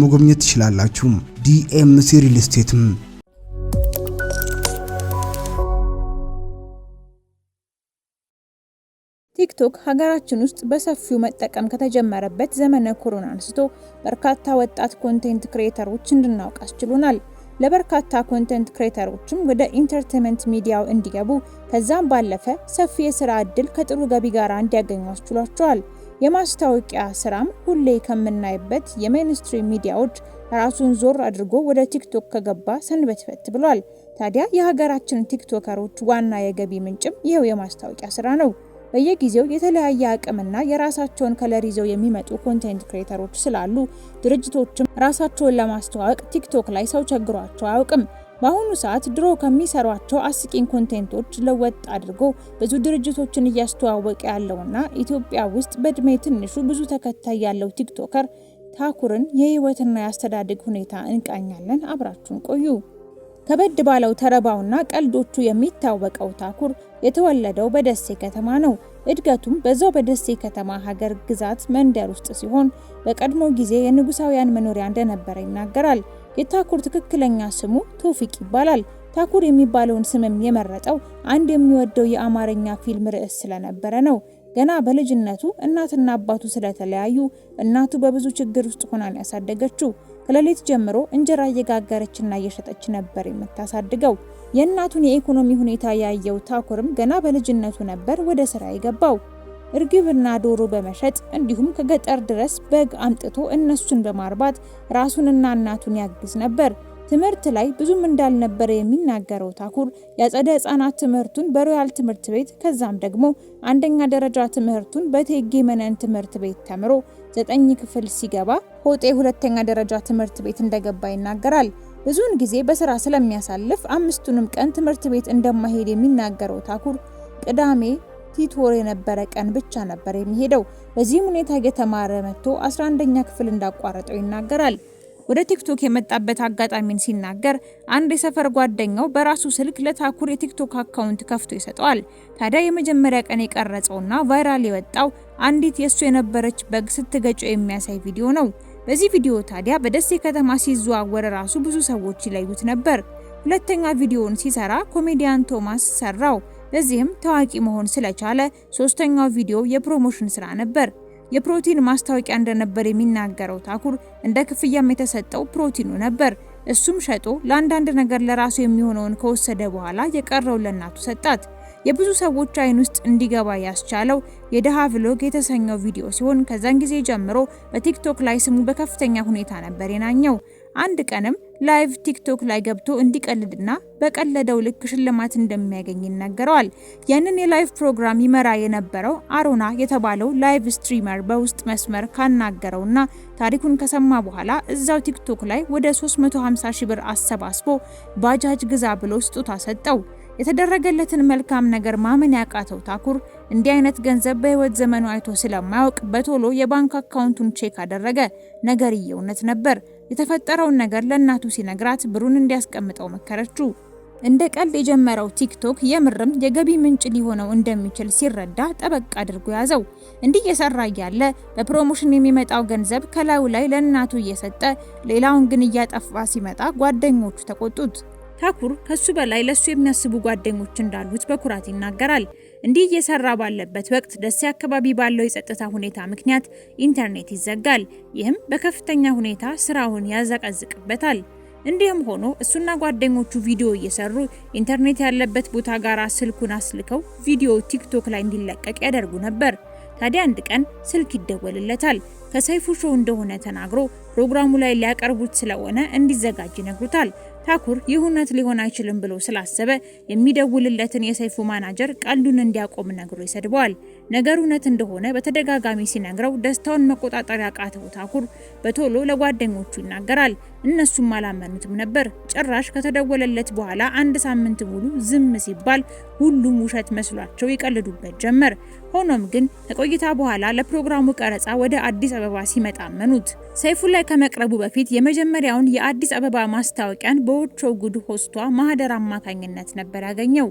በቀላል መጎብኘት ትችላላችሁ። ዲኤምሲ ሪል ስቴትም ቲክቶክ ሀገራችን ውስጥ በሰፊው መጠቀም ከተጀመረበት ዘመነ ኮሮና አንስቶ በርካታ ወጣት ኮንቴንት ክሬተሮች እንድናውቅ አስችሎናል። ለበርካታ ኮንቴንት ክሬተሮችም ወደ ኢንተርቴንመንት ሚዲያው እንዲገቡ ከዛም ባለፈ ሰፊ የስራ ዕድል ከጥሩ ገቢ ጋር እንዲያገኙ አስችሏቸዋል። የማስታወቂያ ስራም ሁሌ ከምናይበት የሜንስትሪም ሚዲያዎች ራሱን ዞር አድርጎ ወደ ቲክቶክ ከገባ ሰንበትበት ብሏል። ታዲያ የሀገራችን ቲክቶከሮች ዋና የገቢ ምንጭም ይኸው የማስታወቂያ ስራ ነው። በየጊዜው የተለያየ አቅምና የራሳቸውን ከለር ይዘው የሚመጡ ኮንቴንት ክሬተሮች ስላሉ ድርጅቶችም ራሳቸውን ለማስተዋወቅ ቲክቶክ ላይ ሰው ቸግሯቸው አያውቅም። በአሁኑ ሰዓት ድሮ ከሚሰሯቸው አስቂኝ ኮንቴንቶች ለወጥ አድርጎ ብዙ ድርጅቶችን እያስተዋወቀ ያለውና ኢትዮጵያ ውስጥ በእድሜ ትንሹ ብዙ ተከታይ ያለው ቲክቶከር ታኩርን የህይወትና የአስተዳደግ ሁኔታ እንቃኛለን። አብራችሁን ቆዩ። ከበድ ባለው ተረባውና ቀልዶቹ የሚታወቀው ታኩር የተወለደው በደሴ ከተማ ነው። እድገቱም በዛው በደሴ ከተማ ሀገር ግዛት መንደር ውስጥ ሲሆን በቀድሞ ጊዜ የንጉሳውያን መኖሪያ እንደነበረ ይናገራል። የታኩር ትክክለኛ ስሙ ቶፊቅ ይባላል። ታኩር የሚባለውን ስምም የመረጠው አንድ የሚወደው የአማርኛ ፊልም ርዕስ ስለነበረ ነው። ገና በልጅነቱ እናትና አባቱ ስለተለያዩ እናቱ በብዙ ችግር ውስጥ ሆናን ያሳደገችው ከሌሊት ጀምሮ እንጀራ እየጋገረችና እየሸጠች ነበር የምታሳድገው። የእናቱን የኢኮኖሚ ሁኔታ ያየው ታኩርም ገና በልጅነቱ ነበር ወደ ስራ የገባው። እርግብና ዶሮ በመሸጥ እንዲሁም ከገጠር ድረስ በግ አምጥቶ እነሱን በማርባት ራሱንና እናቱን ያግዝ ነበር። ትምህርት ላይ ብዙም እንዳልነበረ የሚናገረው ታኩር የአጸደ ህጻናት ትምህርቱን በሮያል ትምህርት ቤት ከዛም ደግሞ አንደኛ ደረጃ ትምህርቱን በቴጌ መነን ትምህርት ቤት ተምሮ ዘጠኝ ክፍል ሲገባ ሆጤ ሁለተኛ ደረጃ ትምህርት ቤት እንደገባ ይናገራል። ብዙውን ጊዜ በስራ ስለሚያሳልፍ አምስቱንም ቀን ትምህርት ቤት እንደማይሄድ የሚናገረው ታኩር ቅዳሜ ወር የነበረ ቀን ብቻ ነበር የሚሄደው። በዚህም ሁኔታ እየተማረ መጥቶ 11ኛ ክፍል እንዳቋረጠው ይናገራል። ወደ ቲክቶክ የመጣበት አጋጣሚን ሲናገር አንድ የሰፈር ጓደኛው በራሱ ስልክ ለታኩር የቲክቶክ አካውንት ከፍቶ ይሰጠዋል። ታዲያ የመጀመሪያ ቀን የቀረጸውና ቫይራል የወጣው አንዲት የእሱ የነበረች በግ ስትገጨው የሚያሳይ ቪዲዮ ነው። በዚህ ቪዲዮ ታዲያ በደሴ ከተማ ሲዘዋወር ራሱ ብዙ ሰዎች ይለዩት ነበር። ሁለተኛ ቪዲዮውን ሲሰራ ኮሜዲያን ቶማስ ሰራው። ለዚህም ታዋቂ መሆን ስለቻለ ሶስተኛው ቪዲዮ የፕሮሞሽን ስራ ነበር። የፕሮቲን ማስታወቂያ እንደነበር የሚናገረው ታኩር እንደ ክፍያም የተሰጠው ፕሮቲኑ ነበር። እሱም ሸጦ ለአንዳንድ ነገር ለራሱ የሚሆነውን ከወሰደ በኋላ የቀረው ለእናቱ ሰጣት። የብዙ ሰዎች አይን ውስጥ እንዲገባ ያስቻለው የደሃ ቭሎግ የተሰኘው ቪዲዮ ሲሆን ከዛን ጊዜ ጀምሮ በቲክቶክ ላይ ስሙ በከፍተኛ ሁኔታ ነበር የናኘው። አንድ ቀንም ላይቭ ቲክቶክ ላይ ገብቶ እንዲቀልድና በቀለደው ልክ ሽልማት እንደሚያገኝ ይናገረዋል። ያንን የላይቭ ፕሮግራም ይመራ የነበረው አሮና የተባለው ላይቭ ስትሪመር በውስጥ መስመር ካናገረውና ታሪኩን ከሰማ በኋላ እዛው ቲክቶክ ላይ ወደ 350 ሺህ ብር አሰባስቦ ባጃጅ ግዛ ብሎ ስጦታ ሰጠው። የተደረገለትን መልካም ነገር ማመን ያቃተው ታኩር እንዲህ አይነት ገንዘብ በህይወት ዘመኑ አይቶ ስለማያውቅ በቶሎ የባንክ አካውንቱን ቼክ አደረገ። ነገር እየውነት ነበር። የተፈጠረውን ነገር ለእናቱ ሲነግራት ብሩን እንዲያስቀምጠው መከረችው። እንደ ቀልድ የጀመረው ቲክቶክ የምርም የገቢ ምንጭ ሊሆነው እንደሚችል ሲረዳ ጠበቅ አድርጎ ያዘው። እንዲህ እየሰራ እያለ በፕሮሞሽን የሚመጣው ገንዘብ ከላዩ ላይ ለእናቱ እየሰጠ ሌላውን ግን እያጠፋ ሲመጣ ጓደኞቹ ተቆጡት። ታኩር ከሱ በላይ ለሱ የሚያስቡ ጓደኞች እንዳሉት በኩራት ይናገራል። እንዲህ እየሰራ ባለበት ወቅት ደሴ አካባቢ ባለው የጸጥታ ሁኔታ ምክንያት ኢንተርኔት ይዘጋል። ይህም በከፍተኛ ሁኔታ ስራውን ያዘቀዝቅበታል። እንዲህም ሆኖ እሱና ጓደኞቹ ቪዲዮ እየሰሩ ኢንተርኔት ያለበት ቦታ ጋር ስልኩን አስልከው ቪዲዮ ቲክቶክ ላይ እንዲለቀቅ ያደርጉ ነበር። ታዲያ አንድ ቀን ስልክ ይደወልለታል። ከሰይፉ ሾው እንደሆነ ተናግሮ ፕሮግራሙ ላይ ሊያቀርቡት ስለሆነ እንዲዘጋጅ ይነግሩታል። ታኩር ይህ እውነት ሊሆን አይችልም ብሎ ስላሰበ የሚደውልለትን የሰይፉ ማናጀር ቀልዱን እንዲያቆም ነግሮ ይሰድበዋል። ነገር እውነት እንደሆነ በተደጋጋሚ ሲነግረው ደስታውን መቆጣጠር ያቃተው ታኩር በቶሎ ለጓደኞቹ ይናገራል። እነሱም አላመኑትም ነበር። ጭራሽ ከተደወለለት በኋላ አንድ ሳምንት ሙሉ ዝም ሲባል ሁሉም ውሸት መስሏቸው ይቀልዱበት ጀመር። ሆኖም ግን ከቆይታ በኋላ ለፕሮግራሙ ቀረጻ ወደ አዲስ አበባ ሲመጣ አመኑት። ሰይፉ ላይ ከመቅረቡ በፊት የመጀመሪያውን የአዲስ አበባ ማስታወቂያን በዎቾ ጉድ ሆስቷ ማህደር አማካኝነት ነበር ያገኘው።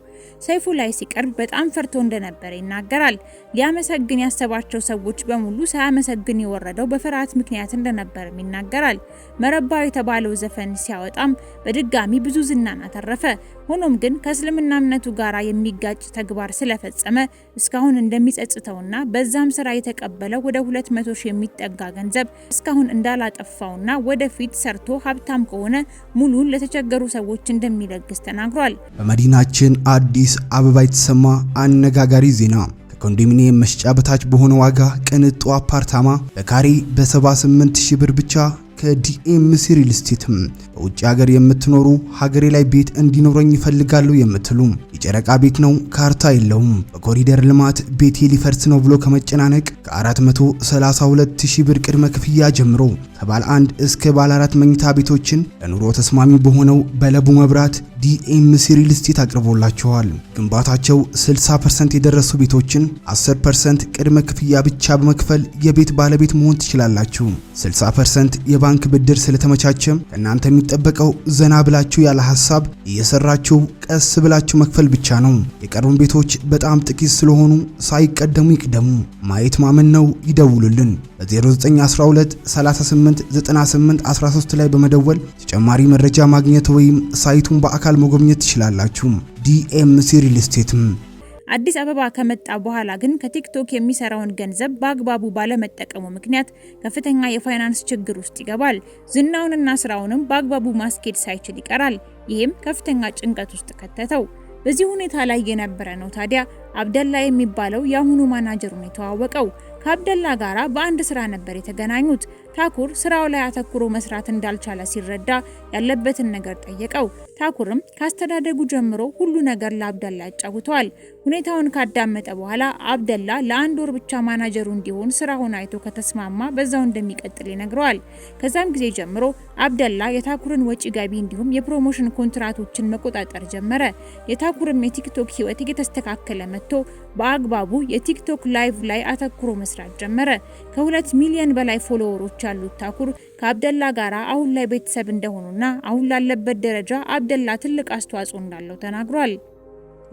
ሰይፉ ላይ ሲቀርብ በጣም ፈርቶ እንደነበረ ይናገራል። ሊያመሰግን ያሰባቸው ሰዎች በሙሉ ሳያመሰግን የወረደው በፍርሃት ምክንያት እንደነበርም ይናገራል። መረባዊ የተባለው ዘፈን ሲያወጣም በድጋሚ ብዙ ዝናን አተረፈ። ሆኖም ግን ከእስልምና እምነቱ ጋር የሚጋጭ ተግባር ስለፈጸመ እስካሁን እንደሚጸጽተውና በዛም ስራ የተቀበለው ወደ 200 ሺህ የሚጠጋ ገንዘብ እስካሁን እንዳላጠፋውና ወደፊት ሰርቶ ሀብታም ከሆነ ሙሉን ለተቸገሩ ሰዎች እንደሚለግስ ተናግሯል። በመዲናችን አዲስ አበባ የተሰማ አነጋጋሪ ዜና ከኮንዶሚኒየም መሸጫ በታች በሆነ ዋጋ ቅንጡ አፓርታማ በካሬ በ78 ሺህ ብር ብቻ ከዲኤምሲ ሪል ስቴትም በውጭ ሀገር የምትኖሩ ሀገሬ ላይ ቤት እንዲኖረኝ ይፈልጋሉ የምትሉ የጨረቃ ቤት ነው፣ ካርታ የለውም፣ በኮሪደር ልማት ቤቴ ሊፈርስ ነው ብሎ ከመጨናነቅ ከ 432000 ብር ቅድመ ክፍያ ጀምሮ ከባለ አንድ እስከ ባለ አራት መኝታ ቤቶችን ለኑሮ ተስማሚ በሆነው በለቡ መብራት ዲኤምሲ ሪል ስቴት አቅርቦላቸዋል። ግንባታቸው 60% የደረሱ ቤቶችን 10% ቅድመ ክፍያ ብቻ በመክፈል የቤት ባለቤት መሆን ትችላላችሁ። 60% የባንክ ብድር ስለተመቻቸም ከእናንተ የሚጠበቀው ዘና ብላችሁ ያለ ሀሳብ እየሰራችሁ ቀስ ብላችሁ መክፈል ብቻ ነው። የቀሩን ቤቶች በጣም ጥቂት ስለሆኑ ሳይቀደሙ ይቅደሙ። ማየት ማመን ነው። ይደውሉልን በ በ0912389813 13 ላይ በመደወል ተጨማሪ መረጃ ማግኘት ወይም ሳይቱን በአካል መጎብኘት ትችላላችሁ። ዲኤምሲ ሪል ስቴትም አዲስ አበባ ከመጣ በኋላ ግን ከቲክቶክ የሚሰራውን ገንዘብ በአግባቡ ባለመጠቀሙ ምክንያት ከፍተኛ የፋይናንስ ችግር ውስጥ ይገባል። ዝናውንና ስራውንም በአግባቡ ማስኬድ ሳይችል ይቀራል። ይህም ከፍተኛ ጭንቀት ውስጥ ከተተው። በዚህ ሁኔታ ላይ የነበረ ነው ታዲያ አብደላ የሚባለው የአሁኑ ማናጀሩን የተዋወቀው። ከአብደላ ጋር በአንድ ስራ ነበር የተገናኙት። ታኩር ስራው ላይ አተኩሮ መስራት እንዳልቻለ ሲረዳ ያለበትን ነገር ጠየቀው። ታኩርም ካስተዳደጉ ጀምሮ ሁሉ ነገር ለአብደላ ያጫውተዋል። ሁኔታውን ካዳመጠ በኋላ አብደላ ለአንድ ወር ብቻ ማናጀሩ እንዲሆን ስራውን አይቶ ከተስማማ በዛው እንደሚቀጥል ይነግረዋል። ከዛም ጊዜ ጀምሮ አብደላ የታኩርን ወጪ ገቢ እንዲሁም የፕሮሞሽን ኮንትራቶችን መቆጣጠር ጀመረ። የታኩርም የቲክቶክ ህይወት እየተስተካከለ መጥቶ በአግባቡ የቲክቶክ ላይቭ ላይ አተኩሮ መስራት ጀመረ። ከሁለት ሚሊዮን በላይ ፎሎወሮች ያሉት ታኩር ከአብደላ ጋራ አሁን ላይ ቤተሰብ እንደሆኑና አሁን ላለበት ደረጃ አብደላ ትልቅ አስተዋጽኦ እንዳለው ተናግሯል።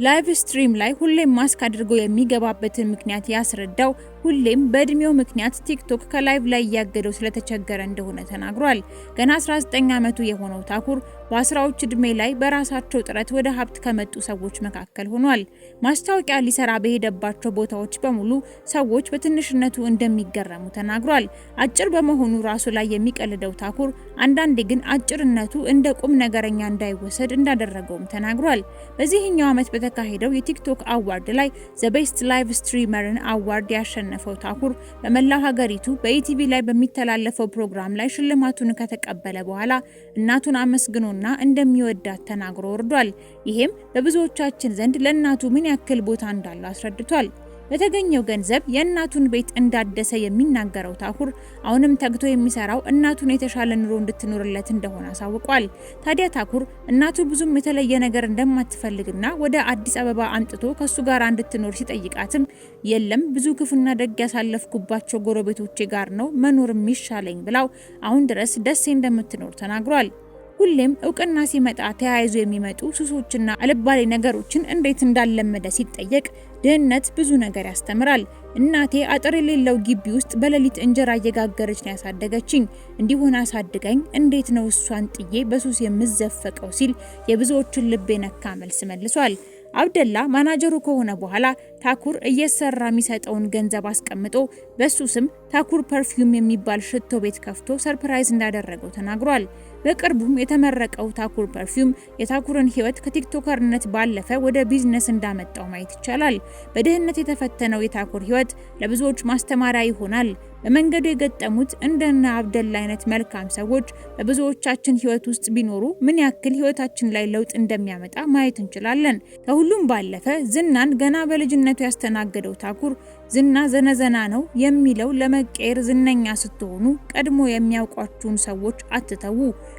ላይቭ ስትሪም ላይ ሁሌም ማስክ አድርጎ የሚገባበትን ምክንያት ያስረዳው ሁሌም በእድሜው ምክንያት ቲክቶክ ከላይቭ ላይ እያገደው ስለተቸገረ እንደሆነ ተናግሯል። ገና 19 ዓመቱ የሆነው ታኩር በአስራዎች እድሜ ላይ በራሳቸው ጥረት ወደ ሀብት ከመጡ ሰዎች መካከል ሆኗል። ማስታወቂያ ሊሰራ በሄደባቸው ቦታዎች በሙሉ ሰዎች በትንሽነቱ እንደሚገረሙ ተናግሯል። አጭር በመሆኑ ራሱ ላይ የሚቀልደው ታኩር አንዳንዴ ግን አጭርነቱ እንደ ቁም ነገረኛ እንዳይወሰድ እንዳደረገውም ተናግሯል። በዚህኛው ዓመት በተካሄደው የቲክቶክ አዋርድ ላይ ዘቤስት ላይቭ ስትሪመርን አዋርድ ያሸነ ያሸነፈው ታኩር በመላው ሀገሪቱ በኢቲቪ ላይ በሚተላለፈው ፕሮግራም ላይ ሽልማቱን ከተቀበለ በኋላ እናቱን አመስግኖና እንደሚወዳት ተናግሮ ወርዷል። ይሄም በብዙዎቻችን ዘንድ ለእናቱ ምን ያክል ቦታ እንዳለው አስረድቷል። በተገኘው ገንዘብ የእናቱን ቤት እንዳደሰ የሚናገረው ታኩር አሁንም ተግቶ የሚሰራው እናቱን የተሻለ ኑሮ እንድትኖርለት እንደሆነ አሳውቋል። ታዲያ ታኩር እናቱ ብዙም የተለየ ነገር እንደማትፈልግና ወደ አዲስ አበባ አምጥቶ ከሱ ጋር እንድትኖር ሲጠይቃትም የለም ብዙ ክፉና ደግ ያሳለፍኩባቸው ጎረቤቶቼ ጋር ነው መኖር የሚሻለኝ ብላው አሁን ድረስ ደሴ እንደምትኖር ተናግሯል። ሁሌም እውቅና ሲመጣ ተያይዞ የሚመጡ ሱሶችና አልባሌ ነገሮችን እንዴት እንዳለመደ ሲጠየቅ ድህነት ብዙ ነገር ያስተምራል። እናቴ አጥር የሌለው ግቢ ውስጥ በሌሊት እንጀራ እየጋገረች ነው ያሳደገችኝ። እንዲሆን አሳድገኝ እንዴት ነው እሷን ጥዬ በሱስ የምዘፈቀው ሲል የብዙዎችን ልብ የነካ መልስ መልሷል። አብደላ ማናጀሩ ከሆነ በኋላ ታኩር እየሰራ የሚሰጠውን ገንዘብ አስቀምጦ በሱ ስም ታኩር ፐርፊውም የሚባል ሽቶ ቤት ከፍቶ ሰርፕራይዝ እንዳደረገው ተናግሯል። በቅርቡም የተመረቀው ታኩር ፐርፊውም የታኩርን ሕይወት ከቲክቶከርነት ባለፈ ወደ ቢዝነስ እንዳመጣው ማየት ይቻላል። በድህነት የተፈተነው የታኩር ሕይወት ለብዙዎች ማስተማሪያ ይሆናል። በመንገዱ የገጠሙት እንደነ አብደላ አይነት መልካም ሰዎች በብዙዎቻችን ህይወት ውስጥ ቢኖሩ ምን ያክል ህይወታችን ላይ ለውጥ እንደሚያመጣ ማየት እንችላለን። ከሁሉም ባለፈ ዝናን ገና በልጅነቱ ያስተናገደው ታኩር ዝና ዘነዘና ነው የሚለው ለመቀየር ዝነኛ ስትሆኑ ቀድሞ የሚያውቋችሁን ሰዎች አትተዉ፣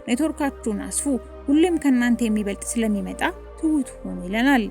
ኔትወርካችሁን አስፉ፣ ሁሌም ከእናንተ የሚበልጥ ስለሚመጣ ትሁት ሆኑ ይለናል።